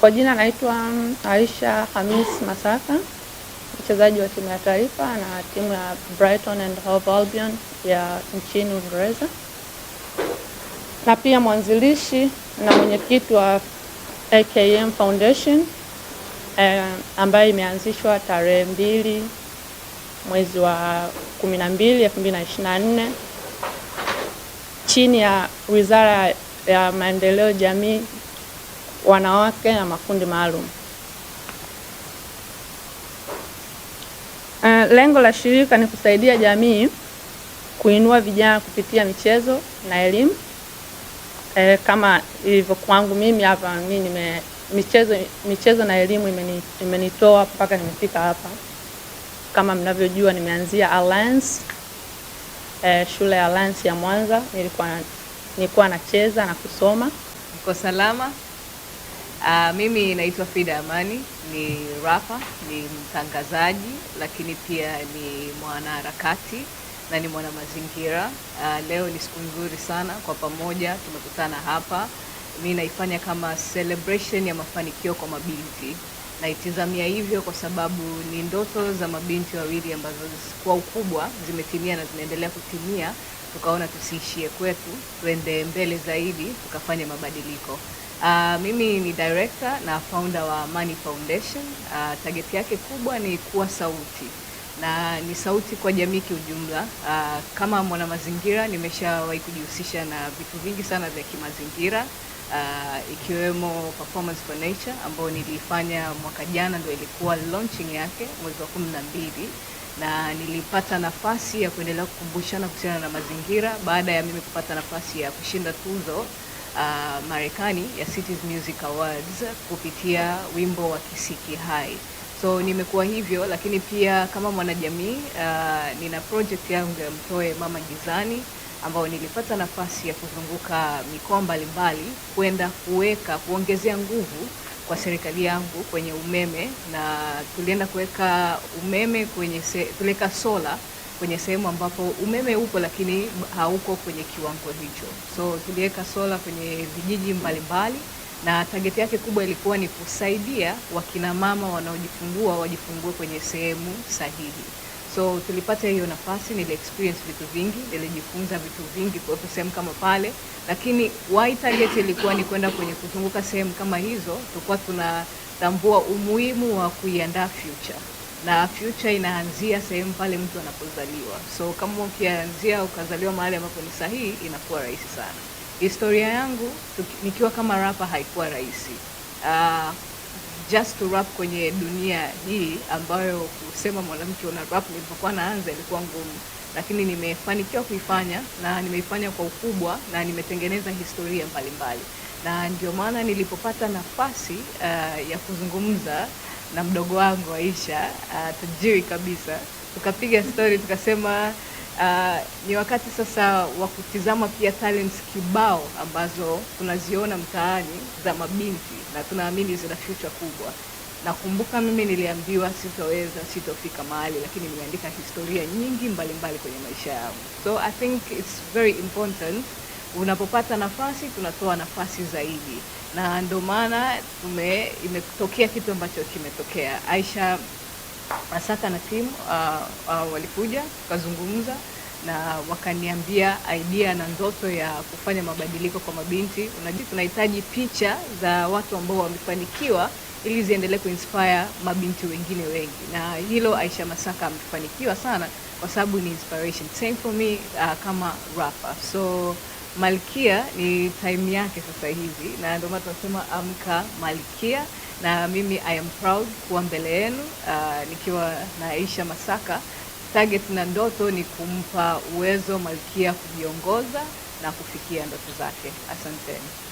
Kwa jina naitwa Aisha Hamis Masaka, mchezaji wa timu ya taifa na timu ya Brighton and Hove Albion ya nchini Uingereza, na pia mwanzilishi na mwenyekiti wa AKM Foundation eh, ambayo imeanzishwa tarehe mbili mwezi wa 12 2024 chini ya Wizara ya Maendeleo Jamii wanawake na makundi maalum. Eh, lengo la shirika ni kusaidia jamii kuinua vijana kupitia michezo na elimu. Uh, kama ilivyo kwangu mimi hapa, mimi nime michezo, michezo na elimu imeni, imenitoa mpaka nimefika hapa. Kama mnavyojua nimeanzia Alliance e, shule ya Alliance ya Mwanza nilikuwa nilikuwa nacheza na kusoma. Niko salama. Uh, mimi naitwa Frida Amani, ni rapa, ni mtangazaji lakini pia ni mwanaharakati na ni mwanamazingira. Uh, leo ni siku nzuri sana, kwa pamoja tumekutana hapa. Mimi naifanya kama celebration ya mafanikio kwa mabinti. Naitizamia hivyo kwa sababu ni ndoto za mabinti wawili ambazo kwa ukubwa zimetimia na zinaendelea kutimia, tukaona tusiishie kwetu, tuende mbele zaidi, tukafanye mabadiliko. Uh, mimi ni director na founder wa Amani Foundation. Uh, target yake kubwa ni kuwa sauti na ni sauti kwa jamii kiujumla. Uh, kama mwanamazingira nimeshawahi kujihusisha na vitu vingi sana vya kimazingira uh, ikiwemo Performance for Nature ambayo nilifanya mwaka jana, ndio ilikuwa launching yake mwezi wa kumi na mbili na nilipata nafasi ya kuendelea kukumbushana kuhusiana na mazingira baada ya mimi kupata nafasi ya kushinda tuzo uh, Marekani ya Cities Music Awards kupitia wimbo wa Kisiki Hai. So nimekuwa hivyo, lakini pia kama mwanajamii uh, nina project yangu ya Mtoe Mama Gizani ambao nilipata nafasi ya kuzunguka mikoa mbalimbali kwenda kuweka kuongezea nguvu kwa serikali yangu kwenye umeme, na tulienda kuweka umeme kwenye se, tuliweka sola kwenye sehemu ambapo umeme upo lakini hauko kwenye kiwango hicho. So tuliweka sola kwenye vijiji mbalimbali na tageti yake kubwa ilikuwa ni kusaidia wakinamama wanaojifungua wajifungue kwenye sehemu sahihi. So tulipata hiyo nafasi, nili experience vitu vingi, nilijifunza vitu vingi kuwepo sehemu kama pale, lakini why target ilikuwa ni kwenda kwenye kuzunguka sehemu kama hizo, tulikuwa tunatambua umuhimu wa kuiandaa future na future inaanzia sehemu pale mtu anapozaliwa. So kama ukianzia ukazaliwa mahali ambapo ni sahihi, inakuwa rahisi sana. Historia yangu nikiwa kama rapa haikuwa rahisi uh, just to rap kwenye dunia hii ambayo kusema mwanamke una rap, nilipokuwa naanza ilikuwa ngumu, lakini nimefanikiwa kuifanya na nimeifanya kwa ukubwa na nimetengeneza historia mbalimbali mbali. Na ndio maana nilipopata nafasi uh, ya kuzungumza na mdogo wangu Aisha, ah, tajiri kabisa, tukapiga stori tukasema Uh, ni wakati sasa wa kutizama pia talents kibao ambazo tunaziona mtaani za mabinti na tunaamini zina future kubwa. Nakumbuka mimi niliambiwa sitoweza, sitofika mahali, lakini nimeandika historia nyingi mbalimbali mbali kwenye maisha yangu, so I think it's very important unapopata nafasi tunatoa nafasi zaidi, na ndio maana tume imetokea kitu ambacho kimetokea. Aisha masaka na timu uh, ah, uh, ah, walikuja tukazungumza na wakaniambia idea na ndoto ya kufanya mabadiliko kwa mabinti. Unajua, tunahitaji picha za watu ambao wamefanikiwa ili ziendelee kuinspire mabinti wengine wengi, na hilo Aisha Masaka amefanikiwa sana, kwa sababu ni inspiration same for me uh, kama rapper so malkia ni time yake sasa hivi, na ndio maana tunasema amka malkia. Na mimi I am proud kuwa mbele yenu uh, nikiwa na Aisha Masaka. Target na ndoto ni kumpa uwezo malkia kujiongoza na kufikia ndoto zake. Asanteni.